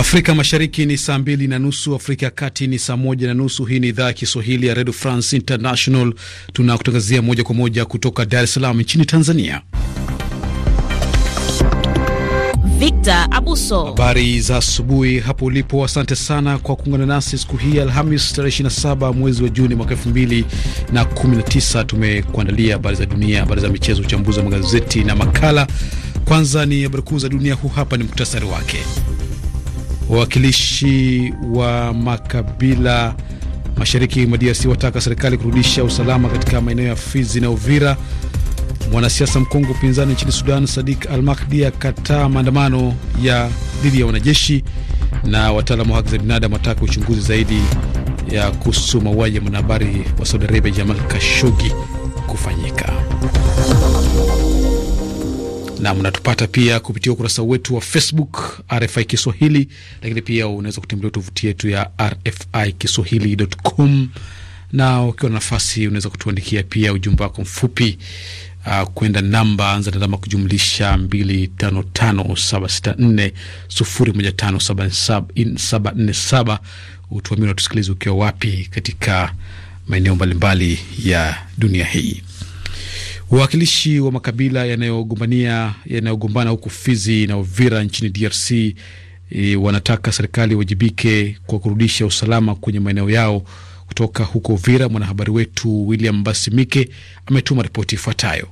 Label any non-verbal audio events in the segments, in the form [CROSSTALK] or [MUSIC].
Afrika Mashariki ni saa mbili na nusu, Afrika ya Kati ni saa moja na nusu. Hii ni idhaa ya Kiswahili ya Redio France International, tunakutangazia moja kwa moja kutoka Dar es Salaam nchini Tanzania. Victor Abuso, habari za asubuhi hapo ulipo. Asante sana kwa kuungana nasi siku hii Alhamis, tarehe 27 mwezi wa Juni mwaka 219 Tumekuandalia habari za dunia, habari za michezo, uchambuzi wa magazeti na makala. Kwanza ni habari kuu za dunia, huu hapa ni muktasari wake. Wawakilishi wa makabila mashariki mwa DRC wataka serikali kurudisha usalama katika maeneo ya Fizi na Uvira. Mwanasiasa mkongwe upinzani nchini Sudan Sadik Al Makdi akataa maandamano ya dhidi ya wanajeshi, na wataalamu wa haki za binadamu wataka uchunguzi zaidi ya kuhusu mauaji ya mwanahabari wa Saudi Arabia Jamal Kashogi. na mnatupata pia kupitia ukurasa wetu wa Facebook RFI Kiswahili, lakini pia unaweza kutembelea tovuti yetu ya RFI Kiswahili.com, na ukiwa na nafasi unaweza kutuandikia pia ujumbe wako mfupi uh, kwenda namba anza alama kujumlisha 255764015747 utuamini na ukiwa wapi katika maeneo mbalimbali ya dunia hii. Wawakilishi wa makabila yanayogombania yanayogombana huku Fizi na Uvira nchini DRC e, wanataka serikali iwajibike kwa kurudisha usalama kwenye maeneo yao. Kutoka huko Uvira, mwanahabari wetu William Basimike ametuma ripoti ifuatayo.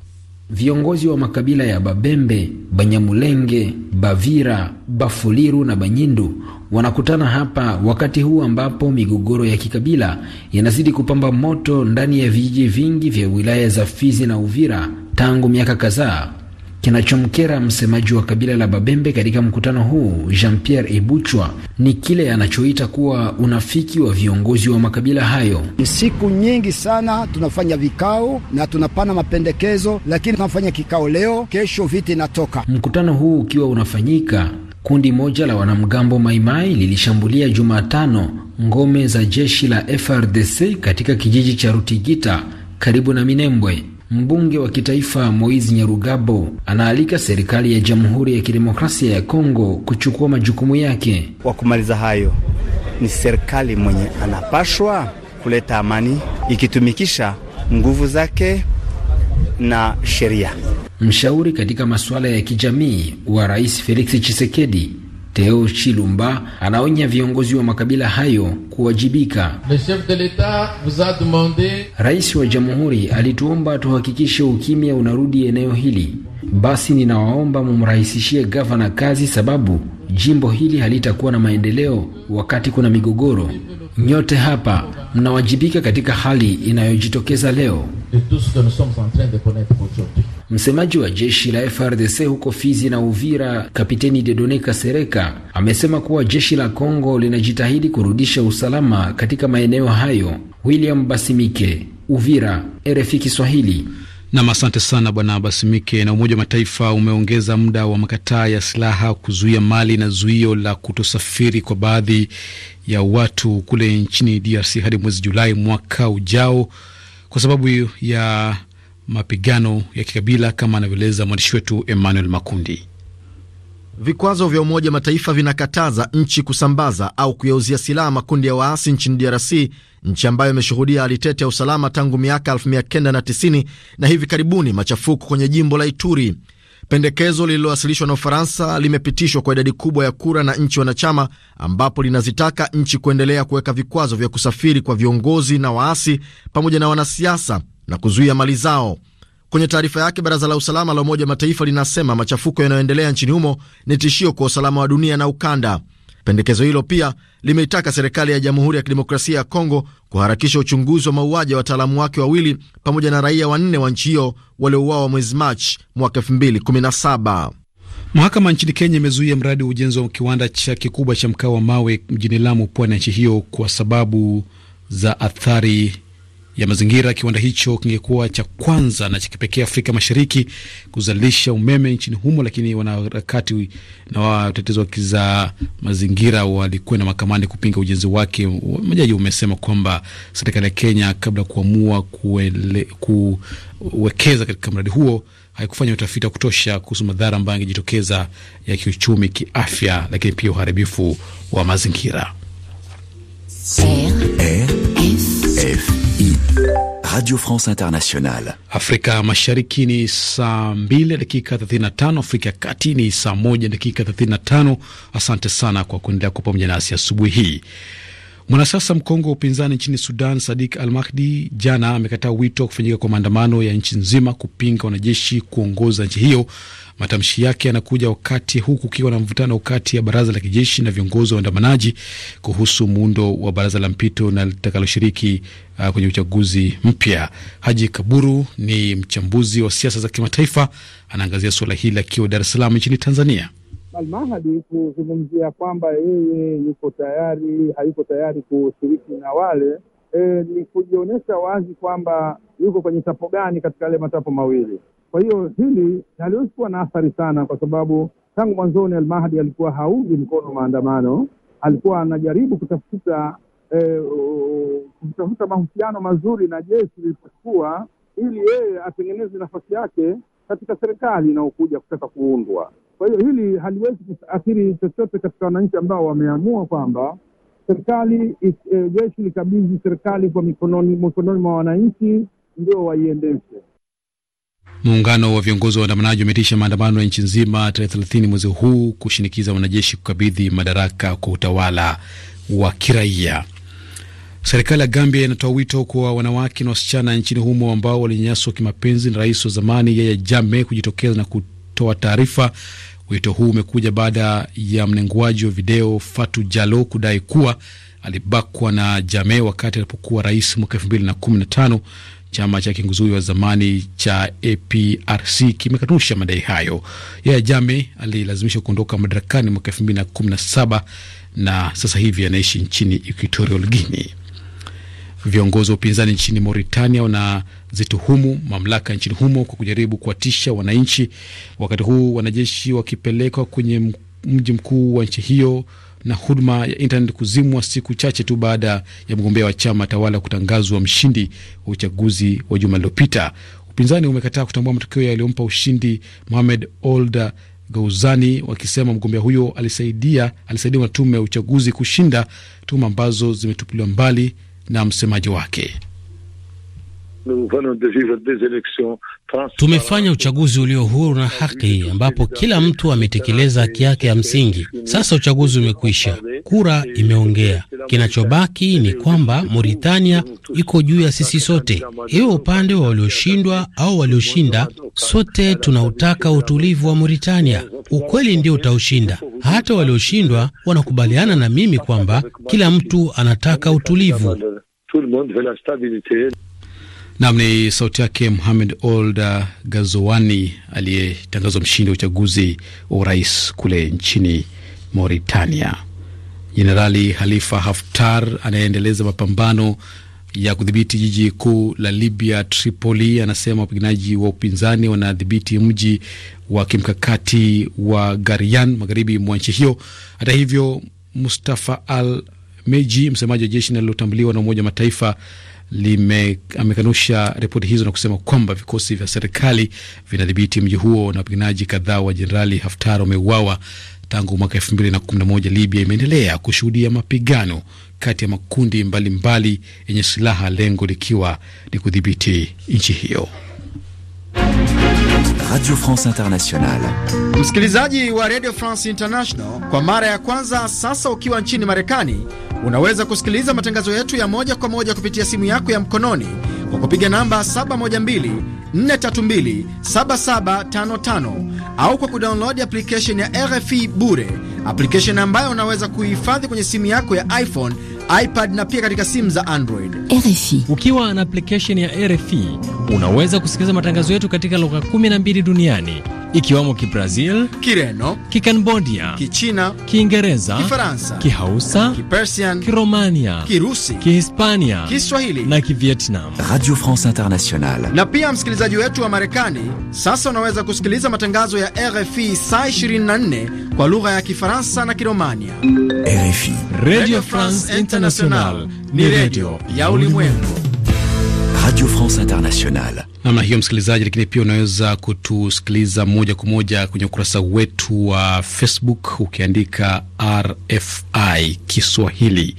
Viongozi wa makabila ya Babembe, Banyamulenge, Bavira, Bafuliru na Banyindu wanakutana hapa wakati huu ambapo migogoro ya kikabila yanazidi kupamba moto ndani ya vijiji vingi vya wilaya za Fizi na Uvira tangu miaka kadhaa. Kinachomkera msemaji wa kabila la Babembe katika mkutano huu Jean Pierre ibuchwa ni kile anachoita kuwa unafiki wa viongozi wa makabila hayo. Siku nyingi sana tunafanya vikao na tunapana mapendekezo, lakini tunafanya kikao leo, kesho viti inatoka. Mkutano huu ukiwa unafanyika, kundi moja la wanamgambo Maimai lilishambulia Jumatano ngome za jeshi la FRDC katika kijiji cha Rutigita karibu na Minembwe. Mbunge wa kitaifa Moizi Nyarugabo anaalika serikali ya Jamhuri ya Kidemokrasia ya Kongo kuchukua majukumu yake. Kwa kumaliza hayo, ni serikali mwenye anapashwa kuleta amani ikitumikisha nguvu zake na sheria. Mshauri katika masuala ya kijamii wa Rais Felix Tshisekedi Theo Chilumba anaonya viongozi wa makabila hayo kuwajibika. Rais wa jamhuri alituomba tuhakikishe ukimya unarudi eneo hili, basi ninawaomba mumrahisishie gavana kazi, sababu jimbo hili halitakuwa na maendeleo wakati kuna migogoro. Nyote hapa mnawajibika katika hali inayojitokeza leo. Msemaji wa jeshi la FRDC huko Fizi na Uvira, Kapiteni Dedone Kasereka amesema kuwa jeshi la Kongo linajitahidi kurudisha usalama katika maeneo hayo. William Basimike, Uvira, RFI Kiswahili. Nam, asante sana bwana Basimike. Na Umoja wa Mataifa umeongeza muda wa makataa ya silaha kuzuia mali na zuio la kutosafiri kwa baadhi ya watu kule nchini DRC hadi mwezi Julai mwaka ujao kwa sababu ya mapigano ya kikabila kama anavyoeleza mwandishi wetu Emmanuel Makundi. Vikwazo vya Umoja Mataifa vinakataza nchi kusambaza au kuyauzia silaha makundi ya waasi nchini DRC, nchi ambayo imeshuhudia hali tete ya usalama tangu miaka 1990 na hivi karibuni machafuko kwenye jimbo la Ituri. Pendekezo lililowasilishwa na Ufaransa limepitishwa kwa idadi kubwa ya kura na nchi wanachama, ambapo linazitaka nchi kuendelea kuweka vikwazo vya kusafiri kwa viongozi na waasi pamoja na wanasiasa na kuzuia mali zao. Kwenye taarifa yake, baraza la usalama la Umoja wa Mataifa linasema machafuko yanayoendelea nchini humo ni tishio kwa usalama wa dunia na ukanda. Pendekezo hilo pia limeitaka serikali ya Jamhuri ya Kidemokrasia ya Kongo kuharakisha uchunguzi wa mauaji ya wataalamu wake wawili pamoja na raia wanne wa nchi hiyo waliouawa mwezi Machi mwaka 2017. Mahakama nchini Kenya imezuia mradi wa ujenzi wa kiwanda cha kikubwa cha mkaa wa mawe mjini Lamu, pwani ya nchi hiyo kwa sababu za athari ya mazingira. Kiwanda hicho kingekuwa cha kwanza na cha kipekee Afrika Mashariki kuzalisha umeme nchini humo, lakini wanaharakati na watetezi wa haki za mazingira walikwenda mahakamani kupinga ujenzi wake. Majaji umesema kwamba serikali ya Kenya kabla ya kuamua kuwekeza katika mradi huo haikufanya utafiti wa kutosha kuhusu madhara ambayo yangejitokeza ya kiuchumi, kiafya, lakini pia uharibifu wa mazingira. RFI Radio France Internationale. Afrika Mashariki ni saa 2 dakika 35, Afrika ya Kati ni saa 1 dakika 35. Asante sana kwa kuendelea kuwa pamoja nasi asubuhi hii. Mwanasiasa mkongwe wa upinzani nchini Sudan, Sadik Al Mahdi, jana amekataa wito wa kufanyika kwa maandamano ya nchi nzima kupinga wanajeshi kuongoza nchi hiyo. Matamshi yake yanakuja wakati huu kukiwa na mvutano kati ya baraza la kijeshi na viongozi wa waandamanaji kuhusu muundo wa baraza la mpito na litakaloshiriki uh, kwenye uchaguzi mpya. Haji Kaburu ni mchambuzi wa siasa za kimataifa, anaangazia suala hili akiwa Dar es Salaam nchini Tanzania. Almahadi kuzungumzia kwamba yeye yuko tayari, hayuko tayari kushiriki na wale e, ni kujionyesha wazi kwamba yuko kwenye tapo gani katika yale matapo mawili. Kwa hiyo hili haliwezi kuwa na athari sana, kwa sababu tangu mwanzoni Almahadi alikuwa haungi mkono maandamano, alikuwa anajaribu kutafuta e, kutafuta mahusiano mazuri na jeshi lilipokuwa, ili yeye atengeneze nafasi yake katika serikali inayokuja kutaka kuundwa. Kwa hiyo hili haliwezi kuathiri chochote katika wananchi ambao wameamua kwamba serikali eh, jeshi likabidhi serikali kwa mikononi mikononi mwa wananchi ndio waiendeshe. Muungano wa viongozi wa waandamanaji umeitisha maandamano ya nchi nzima tarehe thelathini mwezi huu kushinikiza wanajeshi kukabidhi madaraka kwa utawala wa kiraia. Serikali ya Gambia inatoa wito kwa wanawake na wasichana nchini humo ambao walinyanyaswa kimapenzi na rais wa zamani Yaya Jame kujitokeza na kutu kutoa taarifa. Wito huu umekuja baada ya mnenguaji wa video Fatu Jalo kudai kuwa alibakwa na Jame wakati alipokuwa rais mwaka elfu mbili na kumi na tano. Chama cha kiongozi wa zamani cha APRC kimekanusha madai hayo. Yeye Jame alilazimishwa kuondoka madarakani mwaka elfu mbili na kumi na saba na sasa hivi anaishi nchini Equatorial Guinea. Viongozi wa upinzani nchini Mauritania wanazituhumu mamlaka nchini humo kwa kujaribu kuwatisha wananchi, wakati huu wanajeshi wakipelekwa kwenye mji mkuu wa nchi hiyo na huduma ya internet kuzimwa siku chache tu baada ya mgombea wa chama tawala kutangazwa mshindi wa uchaguzi wa juma lililopita. Upinzani umekataa kutambua matokeo yaliyompa ushindi Mohamed Ould Gauzani, wakisema mgombea huyo alisaidia alisaidiwa na tume ya uchaguzi kushinda, tuhuma ambazo zimetupiliwa mbali na msemaji wake. Tumefanya uchaguzi ulio huru na haki, ambapo kila mtu ametekeleza haki yake ya msingi. Sasa uchaguzi umekwisha, kura imeongea. Kinachobaki ni kwamba Mauritania iko juu ya sisi sote, iwe upande wa walioshindwa au walioshinda. Sote tunautaka utulivu wa Mauritania. Ukweli ndio utaushinda. Hata walioshindwa wanakubaliana na mimi kwamba kila mtu anataka utulivu. Nam ni sauti yake Muhamed Old Gazowani aliyetangazwa mshindi wa uchaguzi wa urais kule nchini Mauritania. Jenerali Halifa Haftar anayeendeleza mapambano ya kudhibiti jiji kuu la Libya, Tripoli, anasema wapiganaji wa upinzani wanadhibiti mji wa kimkakati wa Garian magharibi mwa nchi hiyo. Hata hivyo, Mustafa Al Meji, msemaji wa jeshi linalotambuliwa na Umoja wa Mataifa lime, amekanusha ripoti hizo na kusema kwamba vikosi vya serikali vinadhibiti mji huo na wapiganaji kadhaa wa Jenerali Haftar wameuawa tangu mwaka elfu mbili na kumi na moja. Libya imeendelea kushuhudia mapigano kati ya makundi mbalimbali yenye mbali silaha, lengo likiwa ni kudhibiti nchi hiyo. Radio France International. Msikilizaji wa Radio France International, kwa mara ya kwanza sasa ukiwa nchini Marekani, unaweza kusikiliza matangazo yetu ya moja kwa moja kupitia simu yako ya mkononi kwa kupiga namba 712 432 7755 au kwa kudownload application ya RFI bure, application ambayo unaweza kuhifadhi kwenye simu yako ya iPhone, iPad na pia katika simu za Android. RFI. Ukiwa na application ya RFI Unaweza kusikiliza matangazo yetu katika lugha 12 duniani ikiwamo Kibrazil, Kireno, Kikambodia, Kichina, Kiingereza, Kifaransa, Kihausa, Kipersian, Kiromania, Kirusi, Kihispania, Kiswahili na Kivietnam. Radio France International. Na pia msikilizaji wetu wa Marekani, sasa unaweza kusikiliza matangazo ya RFI saa 24 kwa lugha ya Kifaransa na Kiromania. RFI. Radio France International ni redio ya ulimwengu. Radio France Internationale. Namna hiyo msikilizaji, lakini pia unaweza kutusikiliza moja kwa moja kwenye ukurasa wetu wa Facebook ukiandika RFI Kiswahili.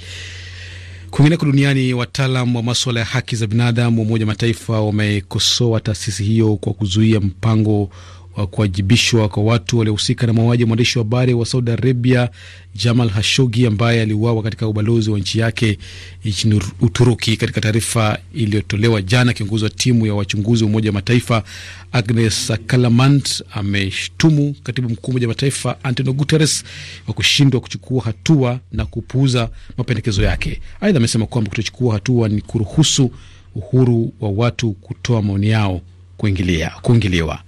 Kwingineko duniani, wataalam wa maswala ya haki za binadamu wa Umoja Mataifa wamekosoa taasisi hiyo kwa kuzuia mpango Uh, kuwajibishwa kwa watu waliohusika na mauaji ya mwandishi wa habari wa Saudi Arabia Jamal Hashogi ambaye aliuawa katika ubalozi wa nchi yake nchini Uturuki. Katika taarifa iliyotolewa jana, kiongozi wa timu ya wachunguzi wa Umoja wa Mataifa Agnes Callamand ameshtumu katibu mkuu wa Umoja wa Mataifa Antonio Guterres wa kushindwa kuchukua hatua na kupuuza mapendekezo yake. Aidha, amesema kwamba kutochukua hatua ni kuruhusu uhuru wa watu kutoa maoni yao kuingiliwa.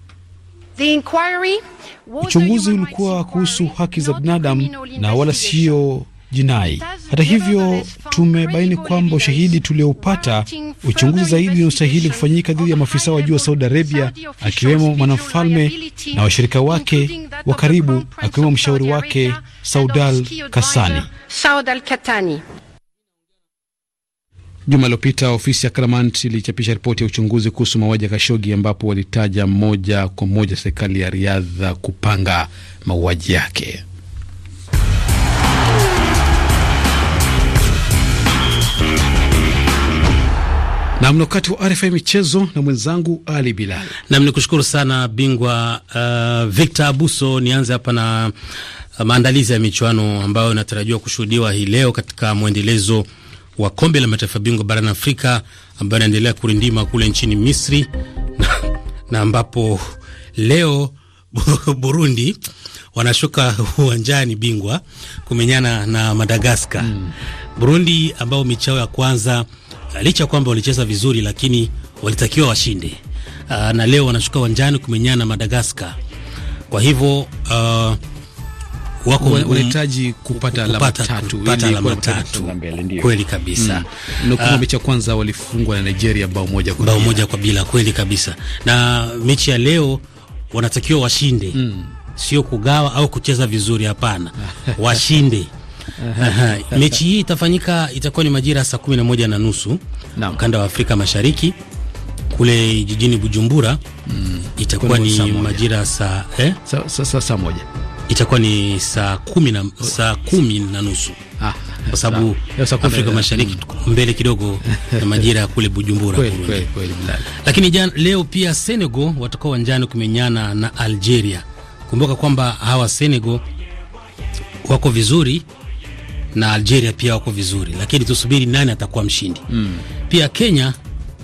Uchunguzi ulikuwa kuhusu haki za binadamu na wala siyo jinai. Hata hivyo, tumebaini kwamba ushahidi tulioupata, uchunguzi zaidi unaostahili kufanyika dhidi ya maafisa wa juu wa Saudi Arabia, akiwemo mwanamfalme na washirika wake wa karibu, akiwemo mshauri wake Saudal Kasani. Juma lilopita ofisi ya Cremant ilichapisha ripoti ya uchunguzi kuhusu mauaji ya Kashogi ambapo walitaja moja kwa moja serikali ya Riadha kupanga mauaji yake. Nam ni wakati wa rf michezo na mwenzangu Ali Bilal. Nam ni kushukuru sana bingwa uh, Victor Abuso. Nianze hapa na uh, maandalizi ya michuano ambayo inatarajiwa kushuhudiwa hii leo katika mwendelezo wa kombe la mataifa bingwa barani Afrika ambayo anaendelea kurindima kule nchini Misri na, na ambapo leo Burundi wanashuka uwanjani bingwa kumenyana na Madagaskar. Mm. Burundi ambao mechi yao ya kwanza eh, licha kwamba walicheza vizuri, lakini walitakiwa washinde. Uh, na leo wanashuka uwanjani kumenyana na Madagaskar. Kwa hivyo uh, wako wanahitaji mm, kupata alama tatu, yaani kupata alama tatu kweli kabisa. Mm. Na kwa ah. mechi ya kwanza walifungwa na Nigeria bao moja kwa bao moja kwa bila, kweli kabisa. Na mechi ya leo wanatakiwa washinde, mm. sio kugawa au kucheza vizuri, hapana, [LAUGHS] washinde. mechi hii itafanyika, itakuwa ni majira saa kumi na moja na nusu ukanda wa Afrika Mashariki kule jijini Bujumbura. Mm. itakuwa ni majira saa eh? sa, sa, sa, sa moja itakuwa ni saa kumi na, saa kumi na nusu ah, kwa sababu Afrika Mashariki mbele kidogo na majira ya kule Bujumbura kweli, Lakini jan, leo pia Senegal watakuwa uwanjani kumenyana na Algeria. Kumbuka kwamba hawa Senegal wako vizuri na Algeria pia wako vizuri, lakini tusubiri nani atakuwa mshindi mm. Pia Kenya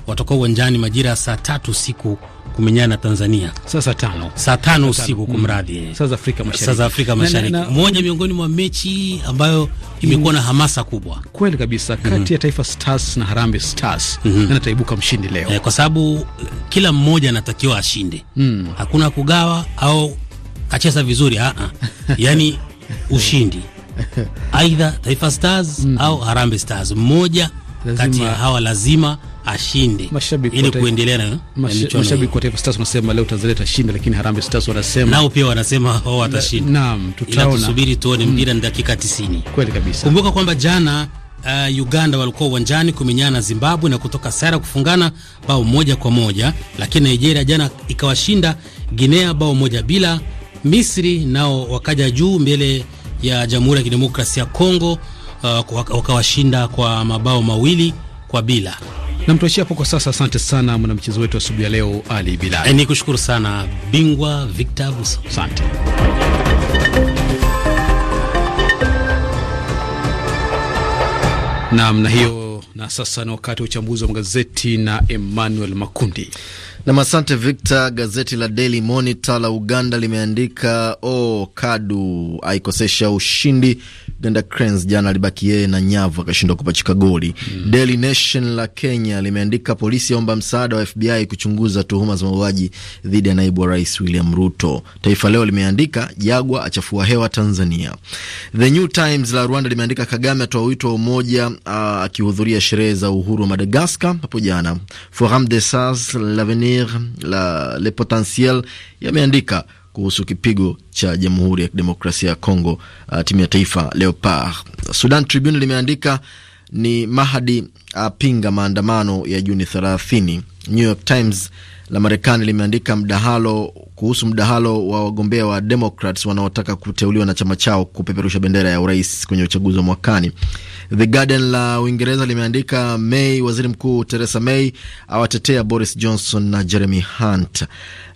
watakuwa uwanjani majira ya saa tatu siku kumenyana na Tanzania saa sasa tano saa tano usiku kwa mradhi mm. Sasa Afrika Mashariki, sasa Afrika Mashariki na, na, na, moja miongoni mwa mechi ambayo mm. imekuwa na hamasa kubwa kweli kabisa mm-hmm. kati mm -hmm. ya Taifa Stars na Harambee Stars mm -hmm. anataibuka mshindi leo eh, kwa sababu kila mmoja anatakiwa ashinde mm. hakuna kugawa au kacheza vizuri a ah, ah. [LAUGHS] yani ushindi aidha Taifa Stars mm -hmm. au Harambee Stars mmoja kati ya hawa lazima ashinde ili kuendelea na eh, michuano. Mashabiki wa Taifa Stars wanasema leo Tanzania itashinda, lakini Harambee Stars wanasema nao pia wanasema wao watashinda. Naam, tutaona, tusubiri tuone. Mm. Mpira ni dakika 90. Kweli kabisa. Kumbuka kwamba jana Uh, Uganda walikuwa uwanjani kumenyana na Zimbabwe na kutoka sare kufungana bao moja kwa moja, lakini Nigeria jana ikawashinda Guinea bao moja bila. Misri nao wakaja juu mbele ya Jamhuri ya Kidemokrasia ya Kongo, uh, wakawashinda kwa mabao mawili kwa bila. Namtuachia hapo kwa sasa. Asante sana mwanamchezo wetu asubuhi ya leo, Ali Bilal. Eh, ni kushukuru sana bingwa Victor Abuso, asante. Naam, na hiyo na sasa ni wakati wa uchambuzi wa magazeti na Emmanuel Makundi. Nam, asante Victor. Gazeti la Daily Monitor la Uganda limeandika oh, Kadu aikosesha ushindi Uganda Cranes jana alibaki yeye na nyavu akashindwa kupachika goli. Mm. Daily Nation la Kenya limeandika polisi aomba msaada wa FBI kuchunguza tuhuma za mauaji dhidi ya naibu wa rais William Ruto. Taifa Leo limeandika Jagwa achafua hewa Tanzania. The New Times la Rwanda limeandika Kagame atoa wito wa umoja uh, akihudhuria sherehe za uhuru wa Madagaskar hapo jana. Forum des As, L'avenir, la, Le Potentiel yameandika kuhusu kipigo cha Jamhuri ya Kidemokrasia ya Kongo, uh, timu ya taifa Leopard. Sudan Tribune limeandika ni Mahadi apinga maandamano ya Juni 30. New York Times la Marekani limeandika mdahalo kuhusu mdahalo wa wagombea wa Democrats wanaotaka kuteuliwa na chama chao kupeperusha bendera ya urais kwenye uchaguzi wa mwakani. The Guardian la Uingereza limeandika May, waziri mkuu Theresa May awatetea Boris Johnson na Jeremy Hunt.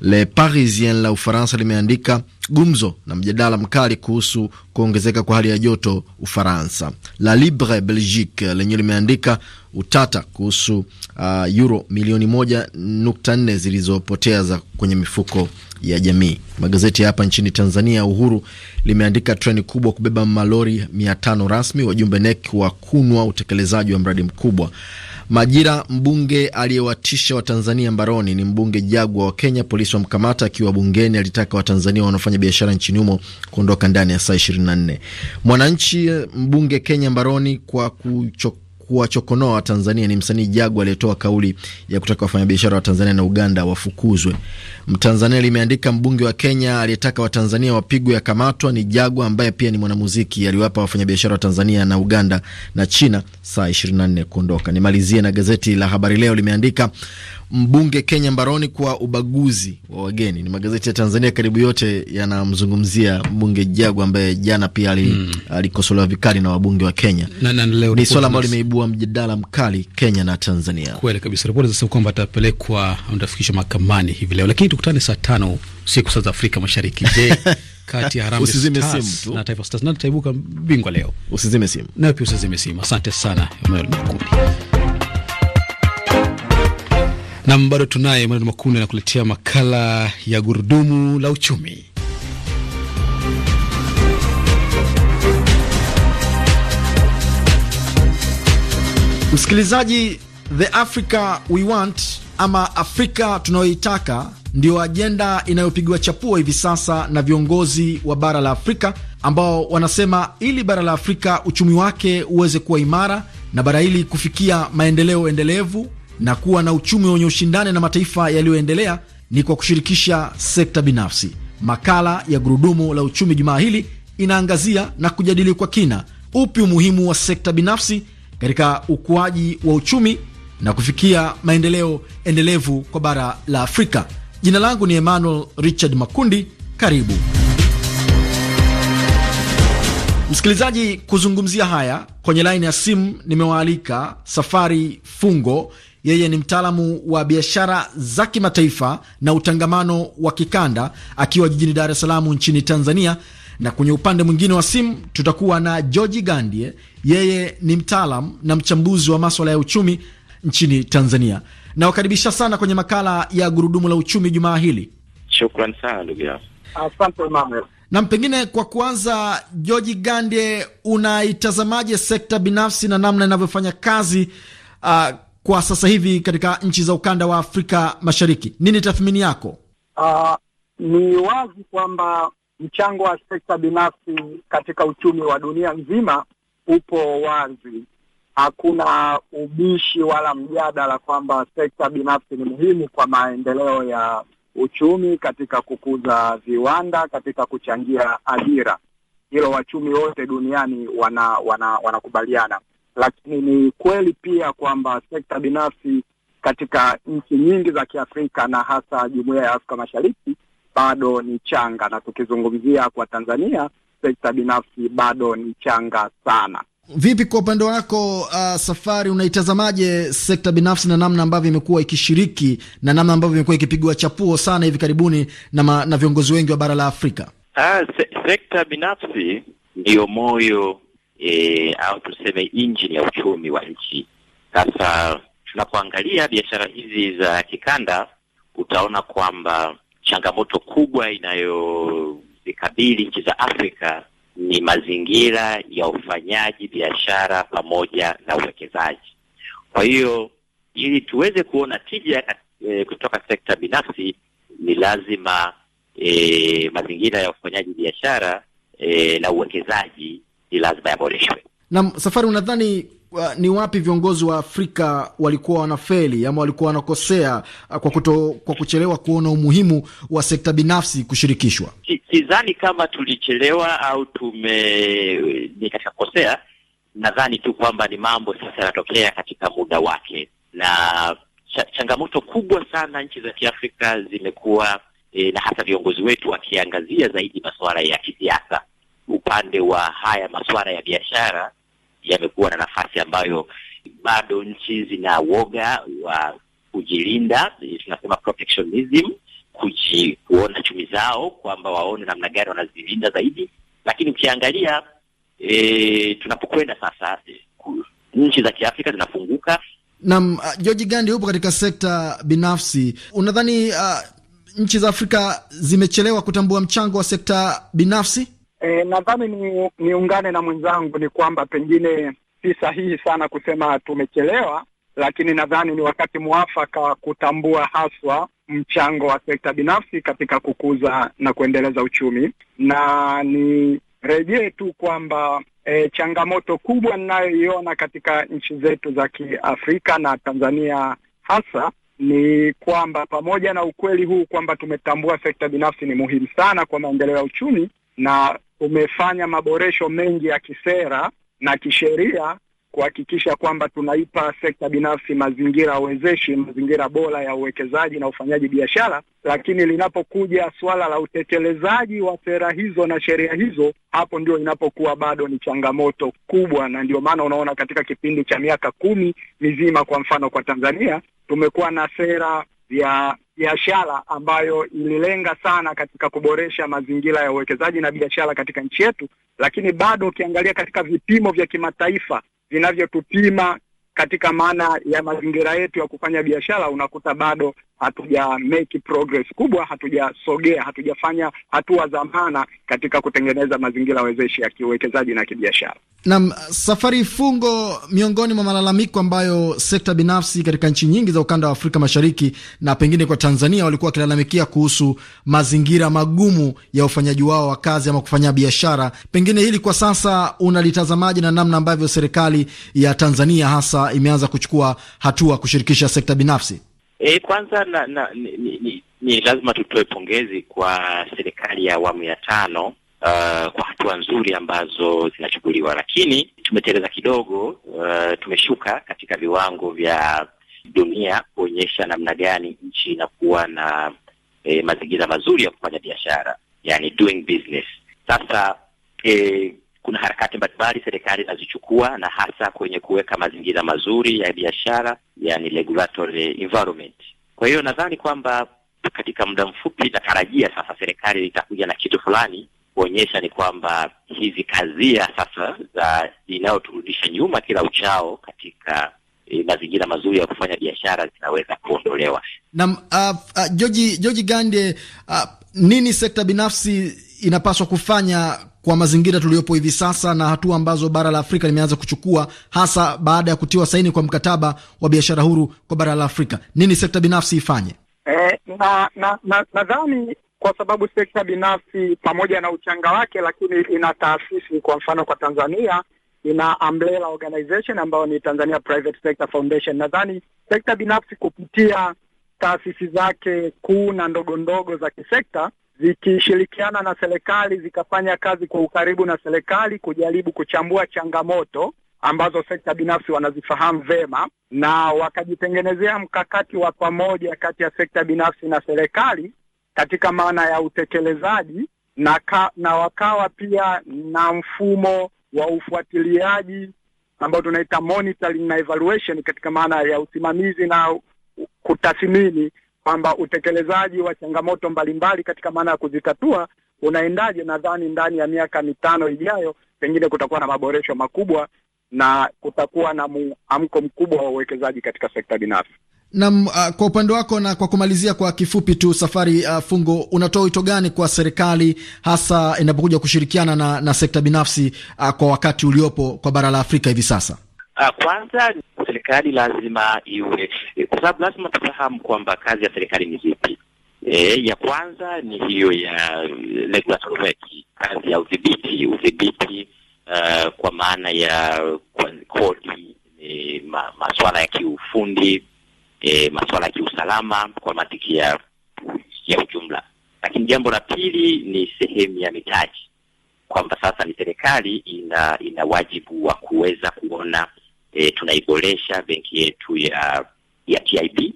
Le Parisien la Ufaransa limeandika gumzo na mjadala mkali kuhusu kuongezeka kwa hali ya joto Ufaransa. La Libre Belgique lenyewe limeandika utata kuhusu uh, euro milioni moja nukta nne zilizopotea za kwenye mifuko ya jamii. Magazeti ya hapa nchini Tanzania, Uhuru limeandika treni kubwa kubeba malori mia tano rasmi, wajumbe NEC wa kunwa utekelezaji wa mradi mkubwa Majira, mbunge aliyewatisha Watanzania mbaroni ni mbunge Jagwa wa Kenya. Polisi wamkamata akiwa bungeni. Alitaka Watanzania wanaofanya biashara nchini humo kuondoka ndani ya saa 24. Mwananchi, eh, mbunge Kenya mbaroni kwa kucho kuwachokonoa Watanzania ni msanii Jagu aliyetoa kauli ya kutaka wafanyabiashara wa Tanzania na Uganda wafukuzwe. Mtanzania limeandika mbunge wa Kenya aliyetaka Watanzania wapigwe akamatwa ni Jagu ambaye pia ni mwanamuziki aliwapa wafanyabiashara wa Tanzania na Uganda na China saa 24 kuondoka. Nimalizie na gazeti la Habari Leo limeandika mbunge Kenya mbaroni kwa ubaguzi wa wageni. Ni magazeti ya Tanzania karibu yote yanamzungumzia mbunge Jagu ambaye jana pia ali, mm. alikosolewa vikali na wabunge wa Kenya na, na, ni swala ambalo limeibua mjadala mkali Kenya na Tanzania. Kweli kabisa, ripoti zinasema kwamba atapelekwa, atafikishwa mahakamani hivi leo, lakini tukutane saa tano usiku saa za Afrika Mashariki. Je, [LAUGHS] kati ya Harambee Stars na Taifa Stars nani ataibuka bingwa leo? Usizime simu nayo pia usizime simu. Asante sana Emmanuel Makundi. Nam, bado tunaye Mwanadu Makundi anakuletea makala ya gurudumu la uchumi. Msikilizaji, the Africa we want ama Afrika tunayoitaka ndiyo ajenda inayopigiwa chapua hivi sasa na viongozi wa bara la Afrika ambao wanasema ili bara la Afrika uchumi wake uweze kuwa imara na bara hili kufikia maendeleo endelevu na kuwa na uchumi wenye ushindani na mataifa yaliyoendelea ni kwa kushirikisha sekta binafsi. Makala ya Gurudumu la Uchumi jumaa hili inaangazia na kujadili kwa kina upi umuhimu wa sekta binafsi katika ukuaji wa uchumi na kufikia maendeleo endelevu kwa bara la Afrika. Jina langu ni Emmanuel Richard Makundi. Karibu msikilizaji. Kuzungumzia haya kwenye laini ya simu nimewaalika Safari Fungo yeye ni mtaalamu wa biashara za kimataifa na utangamano wa kikanda akiwa jijini Dar es Salaam nchini Tanzania. Na kwenye upande mwingine wa simu tutakuwa na George Gandie, yeye ni mtaalam na mchambuzi wa maswala ya uchumi nchini Tanzania. Nawakaribisha sana kwenye makala ya gurudumu la uchumi jumaa hili. Shukran sana ndugu yangu, asante Nam, pengine kwa kuanza, George Gandie, unaitazamaje sekta binafsi na namna inavyofanya kazi uh, kwa sasa hivi katika nchi za ukanda wa Afrika Mashariki? Nini tathmini yako? Uh, ni wazi kwamba mchango wa sekta binafsi katika uchumi wa dunia nzima upo wazi. Hakuna ubishi wala mjadala kwamba sekta binafsi ni muhimu kwa maendeleo ya uchumi, katika kukuza viwanda, katika kuchangia ajira. Hilo wachumi wote duniani wana, wana, wanakubaliana lakini ni kweli pia kwamba sekta binafsi katika nchi nyingi za Kiafrika na hasa Jumuiya ya Afrika Mashariki bado ni changa, na tukizungumzia kwa Tanzania, sekta binafsi bado ni changa sana. Vipi kwa upande wako, uh, Safari, unaitazamaje sekta binafsi na namna ambavyo imekuwa ikishiriki na namna ambavyo imekuwa ikipigwa chapuo sana hivi karibuni na, ma, na viongozi wengi wa bara la Afrika? Ah, se sekta binafsi ndiyo moyo e, au tuseme injini ya uchumi wa nchi. Sasa tunapoangalia biashara hizi za kikanda, utaona kwamba changamoto kubwa inayozikabili nchi za Afrika ni mazingira ya ufanyaji biashara pamoja na uwekezaji. Kwa hiyo ili tuweze kuona tija e, kutoka sekta binafsi ni lazima e, mazingira ya ufanyaji biashara e, na uwekezaji ni lazima yaboreshwe. Nam Safari, unadhani uh, ni wapi viongozi wa Afrika walikuwa wanafeli ama walikuwa wanakosea uh, kwa kuto, kwa kuchelewa kuona umuhimu wa sekta binafsi kushirikishwa? Sidhani kama tulichelewa au tume ni katika kukosea. Nadhani tu kwamba ni mambo sasa yanatokea katika muda wake, na cha, changamoto kubwa sana nchi za Kiafrika zimekuwa e, na hasa viongozi wetu wakiangazia zaidi masuala ya kisiasa upande wa haya masuala ya biashara yamekuwa na nafasi ambayo bado nchi zina woga wa kujilinda, tunasema protectionism, kuji kuona chumi zao kwamba waone namna gani wanazilinda zaidi. Lakini ukiangalia e, tunapokwenda sasa, nchi za Kiafrika zinafunguka. Naam, uh, George Gandi, hupo katika sekta binafsi, unadhani uh, nchi za Afrika zimechelewa kutambua mchango wa sekta binafsi? E, nadhani ni, niungane na mwenzangu ni kwamba pengine si sahihi sana kusema tumechelewa, lakini nadhani ni wakati mwafaka wa kutambua haswa mchango wa sekta binafsi katika kukuza na kuendeleza uchumi, na nirejee tu kwamba e, changamoto kubwa ninayoiona katika nchi zetu za Kiafrika na Tanzania hasa ni kwamba pamoja na ukweli huu kwamba tumetambua sekta binafsi ni muhimu sana kwa maendeleo ya uchumi, na umefanya maboresho mengi ya kisera na kisheria kuhakikisha kwamba tunaipa sekta binafsi mazingira wezeshi, mazingira bora ya uwekezaji na ufanyaji biashara. Lakini linapokuja suala la utekelezaji wa sera hizo na sheria hizo, hapo ndio inapokuwa bado ni changamoto kubwa, na ndio maana unaona katika kipindi cha miaka kumi mizima, kwa mfano kwa Tanzania, tumekuwa na sera ya biashara ambayo ililenga sana katika kuboresha mazingira ya uwekezaji na biashara katika nchi yetu, lakini bado ukiangalia katika vipimo vya kimataifa vinavyotupima katika maana ya mazingira yetu ya kufanya biashara, unakuta bado hatuja make progress kubwa, hatujasogea, hatujafanya hatua za maana katika kutengeneza mazingira wezeshi ya kiuwekezaji na kibiashara. Naam, Safari Fungo, miongoni mwa malalamiko ambayo sekta binafsi katika nchi nyingi za ukanda wa Afrika Mashariki na pengine kwa Tanzania walikuwa wakilalamikia kuhusu mazingira magumu ya ufanyaji wao wa kazi ama kufanya biashara, pengine hili kwa sasa unalitazamaje na namna ambavyo serikali ya Tanzania hasa imeanza kuchukua hatua kushirikisha sekta binafsi? E, kwanza na, na, ni, ni, ni lazima tutoe pongezi kwa serikali ya awamu ya tano uh, kwa hatua nzuri ambazo zinachukuliwa, lakini tumeteleza kidogo uh, tumeshuka katika viwango vya dunia kuonyesha namna gani nchi inakuwa na eh, mazingira mazuri ya kufanya biashara, yani doing business. Sasa eh, kuna harakati mbalimbali serikali inazichukua na hasa kwenye kuweka mazingira mazuri ya biashara, yani regulatory environment. Kwa hiyo nadhani kwamba katika muda mfupi natarajia sasa serikali itakuja na kitu fulani kuonyesha ni kwamba hizi kazia sasa za inayoturudisha nyuma kila uchao katika E, mazingira mazuri ya kufanya biashara zinaweza kuondolewa. Naam, uh, uh, Joji, Joji Gande, uh, nini sekta binafsi inapaswa kufanya kwa mazingira tuliyopo hivi sasa na hatua ambazo bara la Afrika limeanza kuchukua hasa baada ya kutiwa saini kwa mkataba wa biashara huru kwa bara la Afrika, nini sekta binafsi ifanye? E, na nadhani na, na kwa sababu sekta binafsi pamoja na uchanga wake, lakini ina taasisi. Kwa mfano kwa Tanzania ina umbrella organization ambayo ni Tanzania Private Sector Foundation. Nadhani sekta binafsi kupitia taasisi zake kuu na ndogo ndogo za kisekta zikishirikiana na serikali zikafanya kazi kwa ukaribu na serikali kujaribu kuchambua changamoto ambazo sekta binafsi wanazifahamu vema na wakajitengenezea mkakati wa pamoja kati ya sekta binafsi na serikali katika maana ya utekelezaji na, ka, na wakawa pia na mfumo wa ufuatiliaji ambao tunaita monitoring na evaluation katika maana ya usimamizi na kutathimini kwamba utekelezaji wa changamoto mbalimbali katika maana ya kuzitatua unaendaje. Nadhani ndani ya miaka mitano ijayo, pengine kutakuwa na maboresho makubwa na kutakuwa na muamko mkubwa wa uwekezaji katika sekta binafsi. Naam, uh, kwa upande wako na kwa kumalizia kwa kifupi tu safari uh, fungo, unatoa wito gani kwa serikali hasa inapokuja kushirikiana na, na sekta binafsi uh, kwa wakati uliopo kwa bara la Afrika hivi sasa? Ah, kwanza serikali lazima iwe, eh, kwa sababu lazima tufahamu kwamba kazi ya serikali ni zipi. E, ya kwanza ni hiyo ya eh, regulatory kazi ya udhibiti udhibiti, uh, kwa maana ya kodi, e, ma, masuala ya kiufundi e, masuala ya kiusalama kwa matiki ya ya ujumla. Lakini jambo la pili ni sehemu ya mitaji, kwamba sasa ni serikali ina ina wajibu wa kuweza kuona e, tunaiboresha benki yetu ya ya TIB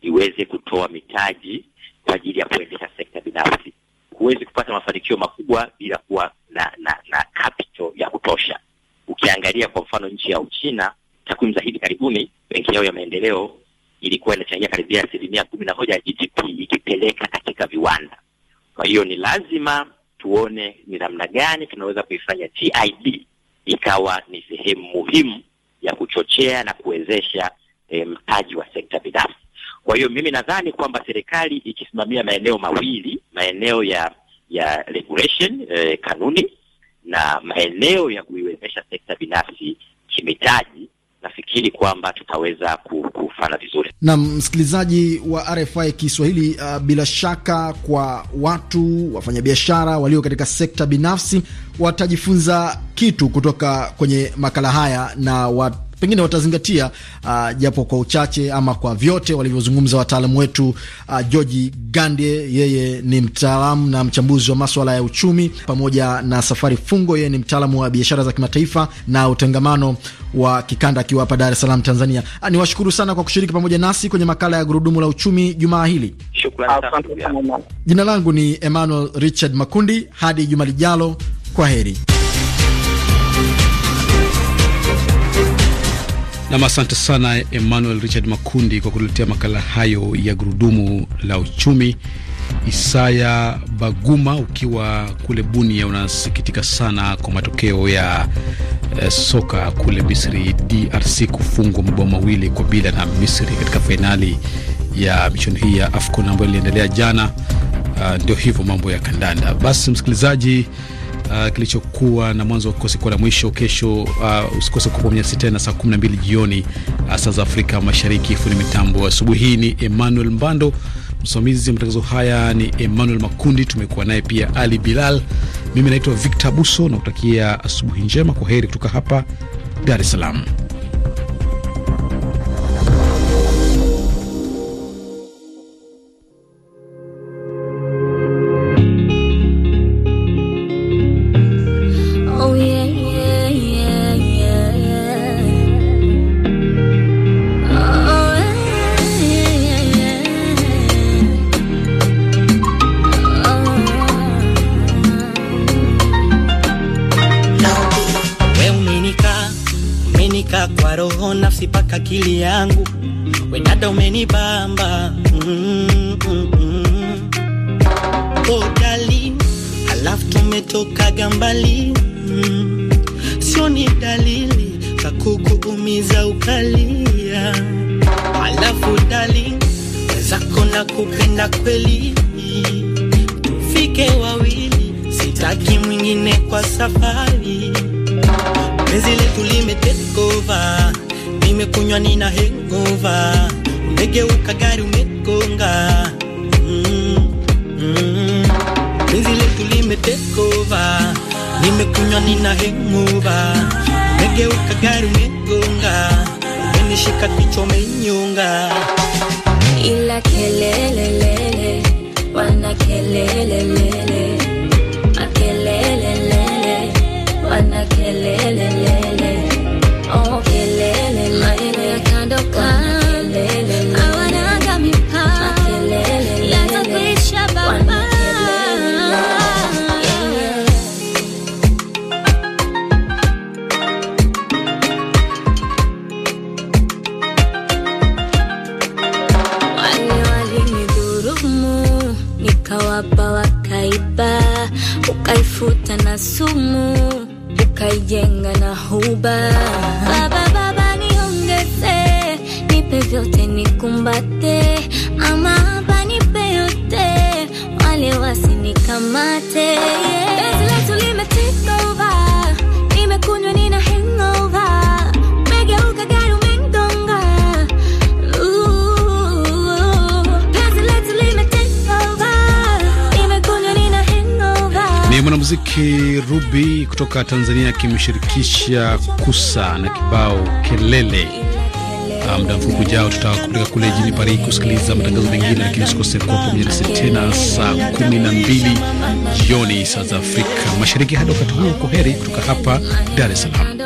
iweze kutoa mitaji kwa ajili ya kuendesha sekta binafsi. Huwezi kupata mafanikio makubwa bila kuwa na na, na capital ya kutosha. Ukiangalia kwa mfano nchi ya Uchina, takwimu za hivi karibuni, benki yao ya maendeleo ilikuwa inachangia karibia asilimia kumi na moja ya GDP ikipeleka katika viwanda. Kwa hiyo ni lazima tuone ni namna gani tunaweza kuifanya TIB ikawa ni sehemu muhimu ya kuchochea na kuwezesha e, mtaji wa sekta binafsi. Kwa hiyo mimi nadhani kwamba serikali ikisimamia maeneo mawili, maeneo ya ya regulation e, kanuni na maeneo ya kuiwezesha sekta binafsi kimitaji nafikiri kwamba tutaweza kufanya vizuri. Na msikilizaji wa RFI Kiswahili, uh, bila shaka kwa watu wafanyabiashara walio katika sekta binafsi watajifunza kitu kutoka kwenye makala haya na watu pengine watazingatia uh, japo kwa uchache ama kwa vyote walivyozungumza wataalamu wetu uh, George Gandie, yeye ni mtaalamu na mchambuzi wa maswala ya uchumi, pamoja na Safari Fungo, yeye ni mtaalamu wa biashara za kimataifa na utengamano wa kikanda, akiwa hapa Dar es Salaam, Tanzania. Uh, niwashukuru sana kwa kushiriki pamoja nasi kwenye makala ya gurudumu la uchumi jumaa hili. Jina langu ni Emmanuel Richard Makundi, hadi juma lijalo, kwa heri. Nam, asante sana Emmanuel Richard Makundi kwa kutuletea makala hayo ya gurudumu la uchumi. Isaya Baguma, ukiwa kule Bunia, unasikitika sana kwa matokeo ya eh, soka kule Misri, DRC kufungwa mabao mawili kwa bila na Misri katika fainali ya michuano hii ya AFCON ambayo iliendelea jana. Uh, ndio hivyo mambo ya kandanda. Basi msikilizaji uh, kilichokuwa na mwanzo wa kikosi kwa la mwisho. Kesho uh, usikose kupomia na saa 12 jioni uh, saa za Afrika Mashariki. Fundi mitambo asubuhi hii ni Emmanuel Mbando, msimamizi wa matangazo haya ni Emmanuel Makundi, tumekuwa naye pia Ali Bilal. Mimi naitwa Victor Buso na kutakia asubuhi njema. Kwa heri kutoka hapa Dar es Salaam. akili yangu, wedada umenibamba mm mm-hmm. -mm. Odali oh, halafu tumetokaga mbali mm. Mm-hmm. Sio ni dalili za kukuumiza ukalia, halafu dali zako na kupenda kweli, tufike wawili, sitaki mwingine kwa safari, penzi letu nimekunywa nina hengova, umegeuka gari umegonga, mm, mm. penzi letu limetekova, nimekunywa nina hengova, umegeuka gari umegonga, umenishika kichwa umenyonga, ila kelelelele, wana kelelelele, makelelelele, wana kelelelele sumu ukaijenga na huba. Baba, baba niongeze, nipe vyote nikumbate, ama hapa nipe yote, wale wasinikamate. mwanamuziki Ruby kutoka Tanzania akimshirikisha Kusa na kibao Kelele. Ah, muda mfupi ujao tutakupeleka kule jijini Paris kusikiliza matangazo mengine, lakini usikose kuwa pamoja nasi tena saa mbili jioni saa za Afrika Mashariki. Hadi wakati huo, kwa heri kutoka hapa Dar es Salaam.